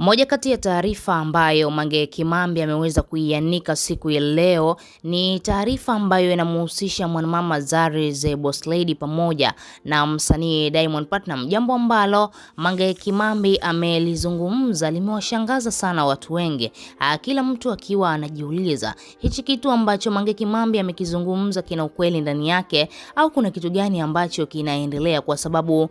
Moja kati ya taarifa ambayo Mange Kimambi ameweza kuianika siku ya leo ni taarifa ambayo inamhusisha mwanamama Zari the Boss Lady pamoja na msanii Diamond Platnumz, jambo ambalo Mange Kimambi amelizungumza limewashangaza sana watu wengi, kila mtu akiwa anajiuliza hichi kitu ambacho Mange Kimambi amekizungumza kina ukweli ndani yake au kuna kitu gani ambacho kinaendelea, kwa sababu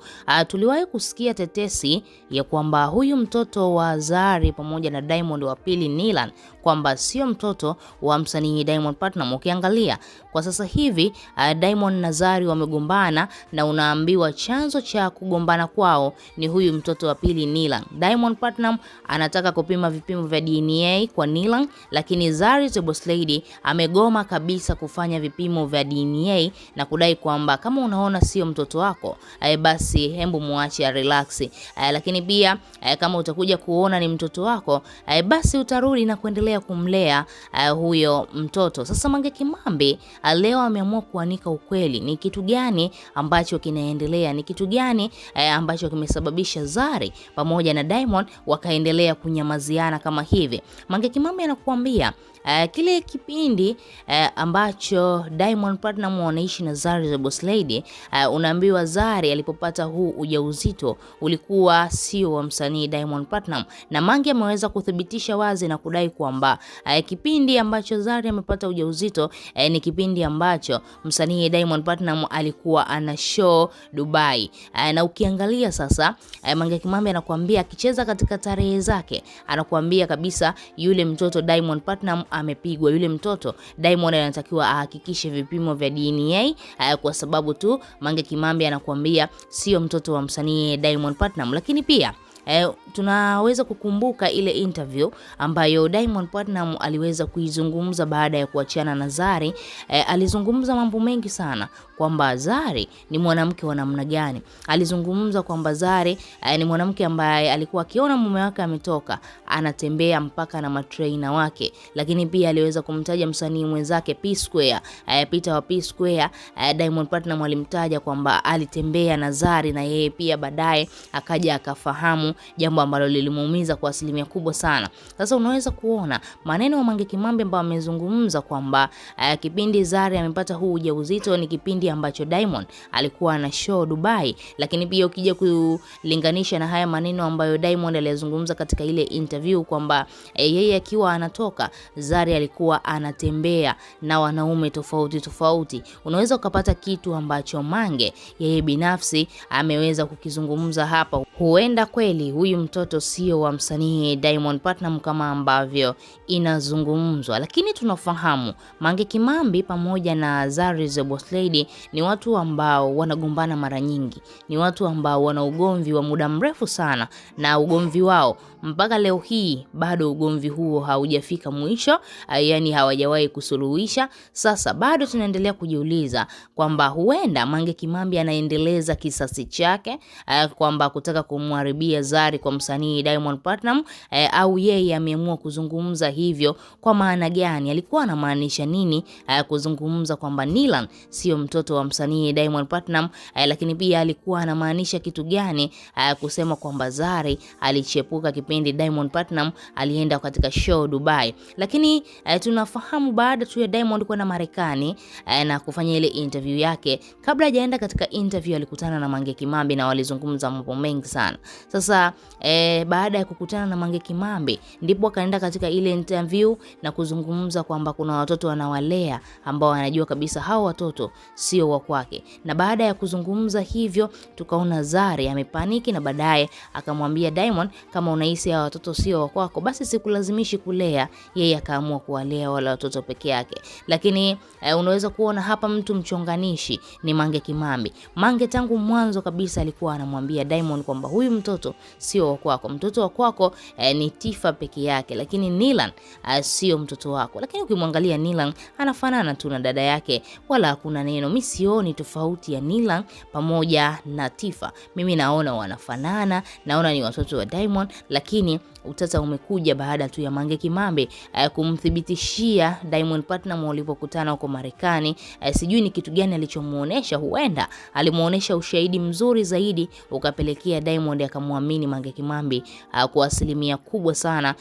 tuliwahi kusikia tetesi ya kwamba huyu mtoto wa Azari pamoja na Diamond wa pili Nilan kwamba sio mtoto wa msanii Diamond Platnumz. Ukiangalia kwa sasa hivi uh, Diamond na Zari wamegombana na unaambiwa chanzo cha kugombana kwao ni huyu mtoto wa pili Nilan. Diamond Platnumz anataka kupima vipimo vya DNA kwa Nilan, lakini Zari the Boss Lady amegoma kabisa kufanya vipimo vya DNA na kudai kwamba kama unaona sio mtoto wako, uh, basi hembu muache relax. Uh, lakini pia uh, kama utakuja kuona kuona ni mtoto wako eh, basi utarudi na kuendelea kumlea eh, huyo mtoto. Sasa Mange Kimambi eh, leo ameamua kuanika ukweli, ni kitu gani ambacho kinaendelea, ni kitu gani eh, ambacho kimesababisha Zari pamoja na Diamond wakaendelea kunyamaziana kama hivi. Mange Kimambi anakuambia Uh, kile kipindi uh, ambacho Diamond Platinum wanaishi na Zari the Boss Lady uh, unaambiwa Zari alipopata huu ujauzito ulikuwa sio wa msanii Diamond Platnumz, na Mange ameweza kuthibitisha wazi na kudai kwamba eh, kipindi ambacho Zari amepata ujauzito eh, ni kipindi ambacho msanii Diamond Platinum alikuwa ana show Dubai. Eh, na ukiangalia sasa, Mange Kimambi anakuambia akicheza katika tarehe zake, anakuambia kabisa yule mtoto Diamond Platinum amepigwa, yule mtoto Diamond anatakiwa ahakikishe vipimo vya DNA kwa sababu tu Mange Kimambi anakuambia sio mtoto wa msanii Diamond Platinum, lakini pia E, tunaweza kukumbuka ile interview ambayo Diamond Platinum aliweza kuizungumza baada ya kuachiana na Zari. E, alizungumza mambo mengi sana kwamba Zari ni mwanamke wa namna gani. Alizungumza kwamba Zari e, ni mwanamke ambaye alikuwa akiona mume wake ametoka anatembea mpaka na matrainer wake, lakini pia aliweza kumtaja msanii mwenzake P Square, e, Peter wa P Square. E, Diamond Platinum alimtaja kwamba alitembea na Zari na yeye pia baadaye akaja akafahamu jambo ambalo lilimuumiza kwa asilimia kubwa sana. Sasa unaweza kuona maneno ya Mange Kimambi ambayo amezungumza kwamba uh, kipindi Zari amepata huu ujauzito ni kipindi ambacho Diamond alikuwa na show Dubai, lakini pia ukija kulinganisha na haya maneno ambayo Diamond aliyazungumza katika ile interview kwamba uh, yeye akiwa anatoka Zari alikuwa anatembea na wanaume tofauti tofauti, unaweza ukapata kitu ambacho Mange yeye binafsi ameweza kukizungumza hapa, huenda kweli kweli huyu mtoto sio wa msanii Diamond Platnumz kama ambavyo inazungumzwa, lakini tunafahamu Mange Kimambi pamoja na Zari the Boss Lady ni watu ambao wanagombana mara nyingi, ni watu ambao wana ugomvi wa muda mrefu sana, na ugomvi wao mpaka leo hii bado ugomvi huo haujafika mwisho, eh, yani hawajawahi kusuluhisha. Sasa bado tunaendelea kujiuliza kwamba huenda Mange Kimambi anaendeleza kisasi chake eh, kwamba kutaka kumharibia Zari kwa msanii Diamond Platinum, eh, au yeye ameamua kuzungumza hivyo kwa maana gani? Alikuwa anamaanisha nini kuzungumza kwamba Nilan sio mtoto wa msanii Diamond Platinum, lakini pia alikuwa anamaanisha kitu gani kusema kwamba Zari alichepuka kipindi Diamond Platinum alienda katika show Dubai, lakini eh, tunafahamu baada tu ya Diamond kwenda Marekani eh, na kufanya ile interview yake, kabla hajaenda katika interview alikutana na Mange Kimambi na walizungumza mambo mengi sana. Sasa eh, baada ya kukutana na Mange Kimambi ndipo akaenda katika ile interview na kuzungumza kwamba kuna watoto anawalea ambao anajua kabisa hao watoto sio wa kwake, na baada ya kuzungumza hivyo tukaona Zari amepaniki, na baadaye akamwambia Diamond kama unahisi halisi ya watoto sio wa kwako, basi sikulazimishi kulea. Yeye akaamua kuwalea wala watoto peke yake, lakini e, unaweza kuona hapa mtu mchonganishi ni Mange Kimambi. Mange tangu mwanzo kabisa alikuwa anamwambia Diamond kwamba huyu mtoto sio wa kwako, mtoto wa kwako e, ni Tifa peke yake, lakini Nilan eh, sio mtoto wako. Lakini ukimwangalia Nilan anafanana tu na dada yake, wala hakuna neno. Mimi sioni tofauti ya Nilan pamoja na Tifa, mimi naona wanafanana, naona ni watoto wa Diamond lakini lakini utata umekuja baada tu ya Mange Kimambe eh, kumthibitishia Diamond Platnumz walipokutana huko Marekani. Eh, sijui ni kitu gani alichomuonesha, huenda alimuonesha ushahidi mzuri zaidi ukapelekea Diamond akamwamini Mange Kimambe eh, kwa asilimia kubwa sana,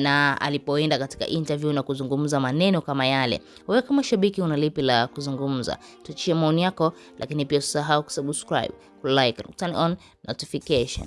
na alipoenda katika interview na kuzungumza maneno kama yale. Wewe kama shabiki una lipi la kuzungumza? Tuchie maoni yako, lakini pia usahau kusubscribe, like, turn on notification.